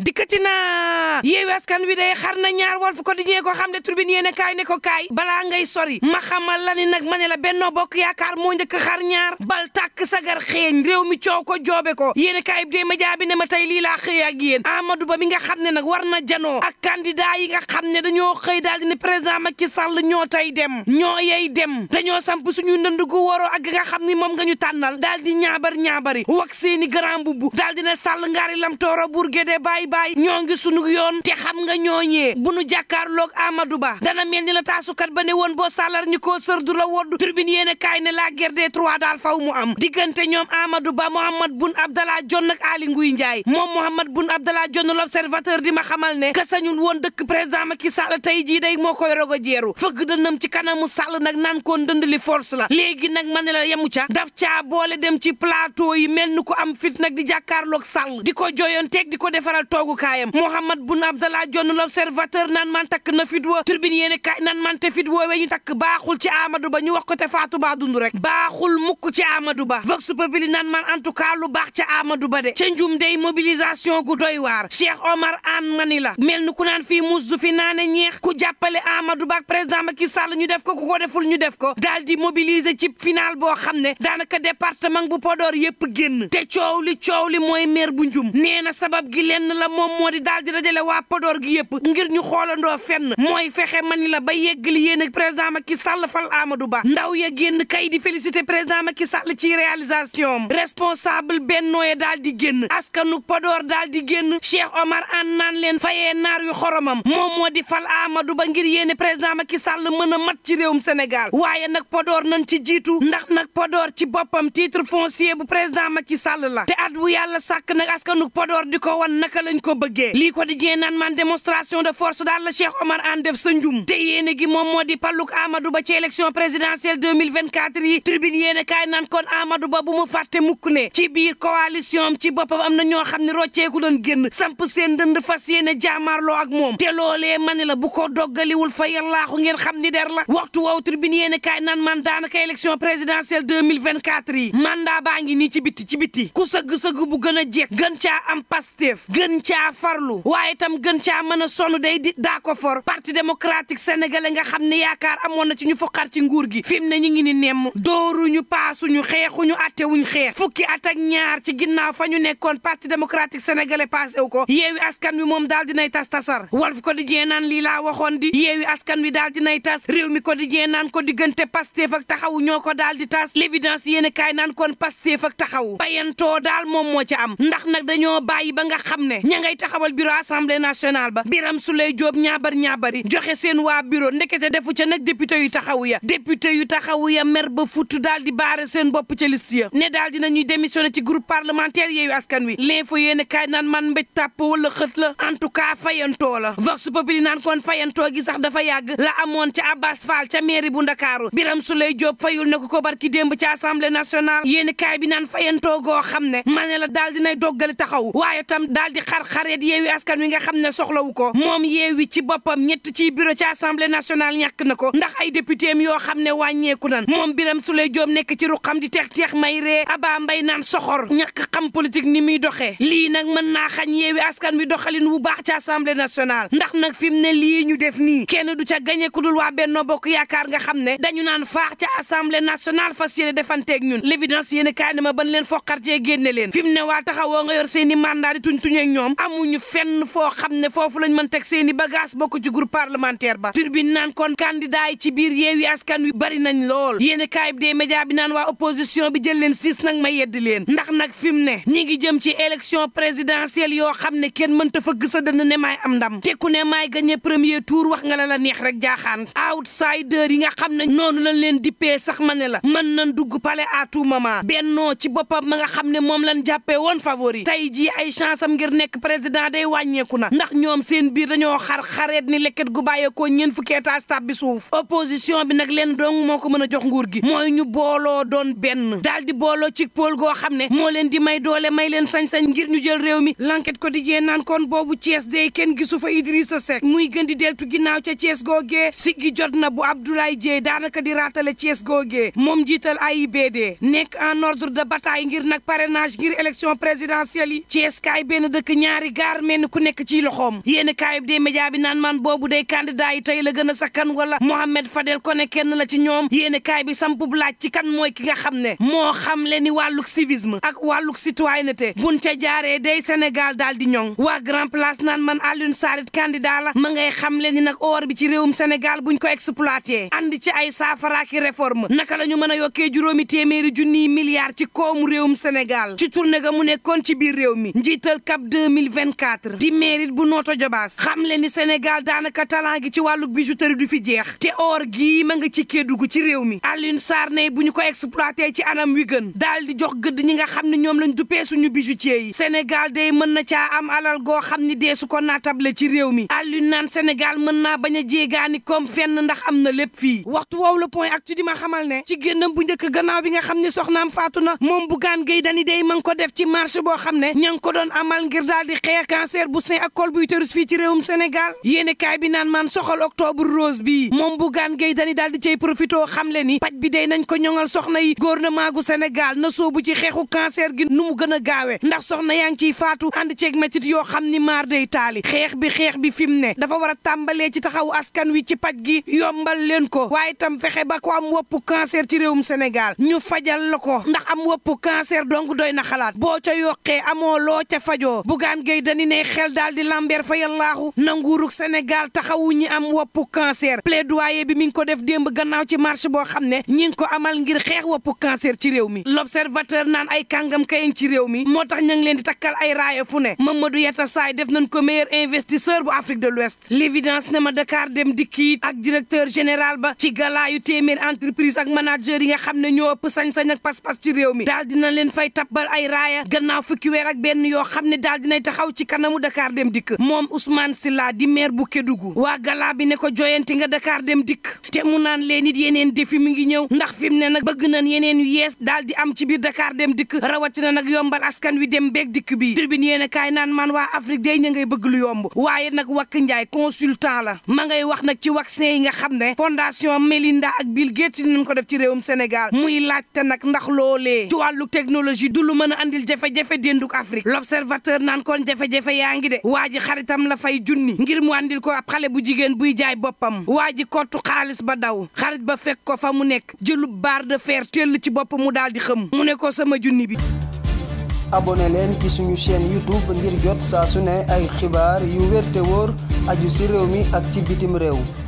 dikkati naa Yewwi Askan Wi day xar na ñaar Walf Quotidien ko xam ne Tribune yéen kaay ne ko kaay balaa ngay sori ma xamal la ni nag ma ne la Benno Bokk Yaakaar moo njëkk xar ñaar bal tàkk sagar xeeñ réew mi coow ko joobe ko yéen kaay bi dee média bi ne ma tey lii laa xëy ak yéen Amadou Ba mi nga xam ne nag war na janoo ak candidat yi nga xam ne dañoo xëy daal di ne président Macky Sall ñoo tey dem ñoo yey dem dañoo samp suñu ndënd gu waroo ak nga xam ni moom nga ñu tànnal daal di ñaabar ñaabari wax seeni grand bubu daal Sall ngaari lam ay baay ñoo ngi sunu yoon te xam nga ñooñee bu nu jàkkaarloog Amadou Ba dana mel ni la taasukat ba ne woon boo sàllar ñi ko sër du la wodd turbine yéen kaay ne la guerre des trois daal faw mu am diggante ñoom Amadou Ba Mohamed Boun Abdallah Dionne ak Aly Ngouille Ndiaye moom Mohamed Boun Abdallah Dionne l'observateur di ma xamal ne ka sañul woon dëkk président Macky Sall tey jii day moo koy rogo jeeru fëgg dënnam ci kanamu Sall nag naan ko ndënd li force la léegi nag ma ne la yemu ca daf caa boole dem ci plateau yi mel ni ko am fit nag di jàkkaarloog di ko joyoon teg di ko defaral toogukaayam Mouhamad Boun Abdallah Dionne l'observateur naan man takk na fit wa turbine yéen kaay naan man te fit takk baaxul ci Amadou Ba ñu wax ko te Fatou Ba dund rek baaxul mukk ci Amadou Ba Vox Populi naan man en tout cas lu baax ca Amadou Ba de ca njum day mobilisation gu doy waar Cheikh Omar Anne mani la mel ni ku naan fii mus du fi naane ñeex ku jàppale Amadou Ba ak président Macky Sall ñu def ko ku ko deful ñu def ko daal di mobiliser ci final boo xam ne daanaka département bu Podor yépp génn te coow li coow li mooy maire bu njum nee na sabab gi lenn la moom moo di daal di dajale waa Podor gi yëpp ngir ñu xoolandoo fenn mooy fexe mani la ba yeggali yéen ak président Macky Sall fal Amadou Ba ndaw ya génn kay di félicité président Macky Sall ci réalisation am responsable Benno ya daal di génn askanu Podor daal di génn Cheikh Omar an naan leen fayee naar yu xoromam moom moo di fal Amadou Ba ngir yéene président Macky Sall mën a mat ci réewum Sénégal waaye nag Podor nañ ci jiitu ndax nag Podor ci boppam titre foncier bu président Macky Sall la te sàkk nag askanu Podor di ko lañ ko bëggee lii ko di jee naan man démonstration de force daal la Omar Anne def sa te yéene gi moom moo di palluk Amadou Ba ci élection présidentielle 2024 yi tribune yéene kaay naan kon Amadou Ba bu mu fàtte mukk ne ci biir coalition am ci boppam am na ñoo xam ne rocceeku doon génn samp seen dënd fas yéene jaamaarloo ak moom te loolee ma la bu ko doggaliwul fa yallaaxu ngeen xam ni der la waxtu woow tribune yéene kaay naan man daanaka élection présidentielle 2024 yi mandat baa ngi nii ci bitti ci bitti ku sëgg-sëgg bu gën a jeeg gën caa am Pastef caa farlu waaye tam gën caa mën a sonn day di daa ko for parti démocratique sénégalais nga xam ne yaakaar amoon na ci ñu foqar ci nguur gi fi mu ne ñu ngi ni nemm dooruñu paasuñu xeexuñu attewuñ xeex fukki at ak ñaar ci ginnaaw fa ñu nekkoon parti démocratique sénégalais passé wu ko yeewi askan wi moom daal dinay tas tasar Walf Quotidien naan lii laa waxoon di yeewi askan wi daal dinay tas réew mi Quotidien naan ko diggante Pastef ak taxaw ko daal di tas l'évidence yéen kaay naan kon Pastef ak taxaw bayantoo daal moom moo ci am ndax nag dañoo bàyyi ba nga xam ne ña ngay taxawal bureau assemblée nationale ba Biram Souley Diop ñaabar ñaabari joxe seen waa bureau ndekete defu ca nag député yu taxawu ya député yu taxawu ya mer ba futu daal di seen bopp ca liste ya ne daal dinañuy démissionné ci groupe parlementaire yeeyu askan wi l'info yéene kaay naan man mbéj tàpp wala xët la en tout cas fayantoo la vox populi naan kon fayantoo gi sax dafa yàgg la amoon ca Abbas Fall ca mairie bu Ndakaaru Biram Souley Diop fayul na ko ko barki démb ci assemblée nationale yéene kaay bi naan fayantoo goo xam ne ma ne la daal dinay doggali taxaw xar-xareet yeewi askan wi nga xam ne soxlawu ko moom yeewi ci boppam ñett ciy bureau ci assemblée nationale ñàkk na ko ndax ay député yoo xam ne wàññeeku nan moom Birame Souleye Diop nekk ci ruqam di teex teex may ree Aba Mbaye naan soxor ñàkk xam politique ni muy doxee lii nag mën naa xañ yeewi askan wi doxalin wu baax ci assemblée nationale ndax nag fi mu ne lii ñu def ni kenn du ca gañe ku dul waa Benno Bokk Yaakaar nga xam ne dañu naan faax ca assemblée nationale fas yéene defanteeg ñun l'évidence yéen kaay ne ma leen foqartee leen fi mu ne waa taxawoo nga yor seeni mandat di tuñ amuñu fenn foo xam ne foofu lañ mën teg seen i bagage bokk ci groupe parlementaire ba turbine nan kon candidat yi ci biir yeewi askan wi bari nañ lool yéeni kaay bi des média bi naan waa opposition bi jël leen siis nag ma yedd leen ndax nag fi mu ne ñi ngi jëm ci élection présidentielle yoo xam ne kenn mënta fëgg sa dënn ne may am ndam te ku ne maay gagné premier tour wax nga la la neex rek jaaxaan outsider yi nga xam ne noonu lañ leen dippee sax ma ne la mën nañ dugg palais à tout moment bennoo ci boppam ma nga xam ne moom lañ jàppee woon favori tey jii ay chance ngir nekk nekk président wàññeeku na ndax ñoom seen biir dañoo xar xareet ni lekket gu bàyyeekoo ñeen fukki étage tab bi suuf opposition bi nag leen dong moo ko mën a jox nguur gi mooy ñu booloo doon benn daal di booloo ci pôle goo xam ne moo leen di may doole may leen sañ-sañ ngir ñu jël réew mi l'enquête quotidien naan kon boobu cees day kenn gisu fa Idrissa Seck muy gëndi di deltu ginnaaw ca cees goo Thiès si gi jot na bu Abdoulaye Dieye daanaka di raatale cees googee moom jiital AIBD nekk en ordre de bataille ngir nag parrainage ngir élection présidentielle yi Thiès kaay benn dëkk ñaari gaar mel ni ku nekk ci loxoom yéen kaayub dee média bi naan man boobu dey candidat yi tey la gën a sakkan wala Mohamed Fadel Koné kenn la ci ñoom yéen kaay bi sampub laaj ci kan mooy ki nga xam ne moo xam le ni wàlluk civisme ak wàlluk citoyenneté buñ ca jaaree dey senegal daal di ñoŋ waa grand place naan man Alioune Sarr candidat la ma ngay xam le ni nag or bi ci réewum Sénégal buñ ko exploité andi ci ay saafaraaki réforme naka la ñu mën a yokkee juróomi téeméeri junniy milliards ci koomu réewum Sénégal ci tournée ga mu nekkoon ci biir réew mi njiital 2024 di mérite bu nooto jobaas xam le ni Sénégal daanaka talent gi ci wàllu bijouterie du fi jeex te or gii ma nga ci Kédougou ci réew mi Alioune Sarr ne bu ñu ko exploité ci anam wi gën daal di jox gëdd ñi nga xam ne ñoom lañ duppee suñu bijoutier yi Sénégal day mën na caa am alal goo xam ni dee su ko le ci réew mi Alioune naan senegal mën naa bañ a jéegaani comme fenn ndax am na lépp fii waxtu woowu la point ak ci di ma xamal ne ci génnam bu njëkk gannaaw bi nga xam ne soxnaam faatu na moom bu gaan gay dani day ma ngi def ci marché boo xam ne daal di xeex bu sein ak col bu utérus fii ci réewum Sénégal yéene kaay naan maan soxal octobre rose bi moom Bougane Gueye Dany daal di cay profité xamle ni paj bi day nañ ko ñoŋal soxna yi gouvernement gu Sénégal na soobu ci xeexu cancer gi nu mu gën a gaawee ndax yaa ngi ciy faatu ànd ceeg métit yoo xam ni maar day taali xeex bi xeex bi fi mu ne dafa war a tàmbalee ci taxaw askan wi ci paj gi yombal leen ko waaye tam fexe ba ko am woppu cancer ci réewum Sénégal ñu fajal la ko ndax am woppu cancer donc doy na xalaat boo ca yokkee amoo loo ca fajoo Bougane Bougane Gueye Dany ne xel daal di Lambert Faye Allaahu na nguurug Sénégal taxawu ñi am woppu cancer plaidoyer bi mi ngi ko def démb gannaaw ci marche boo xam ne ñi ko amal ngir xeex woppu cancer ci réew mi l'observateur naan ay kàngam kayen ci réew mi moo tax ña leen di takkal ay raaya fu ne Mamadou Yatta Saay def nañ ko meilleur investisseur bu Afrique de l'Ouest l'évidence ne ma Dakar dem dikki ak directeur général ba ci galaayu téeméer entreprise ak manager yi nga xam ne ñoo ëpp sañ-sañ ak pas-pas ci réew mi dina leen fay tabbal ay raaya gannaaw fukki ak benn yoo xam ne daal mooy taxaw ci kanamu dakaar dem dikk moom Ousmane Sylla di maire bu Kédougou waa galaa bi ne ko joyanti nga Dakar dem dikk te mu naan leen it yeneen defi mu ngi ñëw ndax fi mu ne nag bëgg nañ yeneen yu yees daal di am ci biir Dakar dem dikk rawatina nag yombal askan wi dem beeg dikk bi tribune yéen a kaay naan man waa Afrique day ña ngay bëgg lu yomb waaye nag Wakk Njaay consultant la ma ngay wax nag ci vaccin yi nga xam ne fondation Melinda ak Bill Gates dinañ ko def ci réewum Sénégal muy laajte nag ndax loolee ci wàllu technologie du lu mën a andil jafe-jafe dénduk kon jafe-jafe yaa ngi de waa ji xaritam la fay junni ngir mu àndil ko ab xale bu jigéen buy jaay boppam waa ji kottu xaalis ba daw xarit ba fekk ko fa mu nekk jëlu barre de fer tëll ci bopp mu daal xëm mu ne ko sama junni bi abonné leen ci suñu chaîne youtube ngir jot saa su ne ay xibaar yu wér te wóor aju si réew mi ak ci bitim réew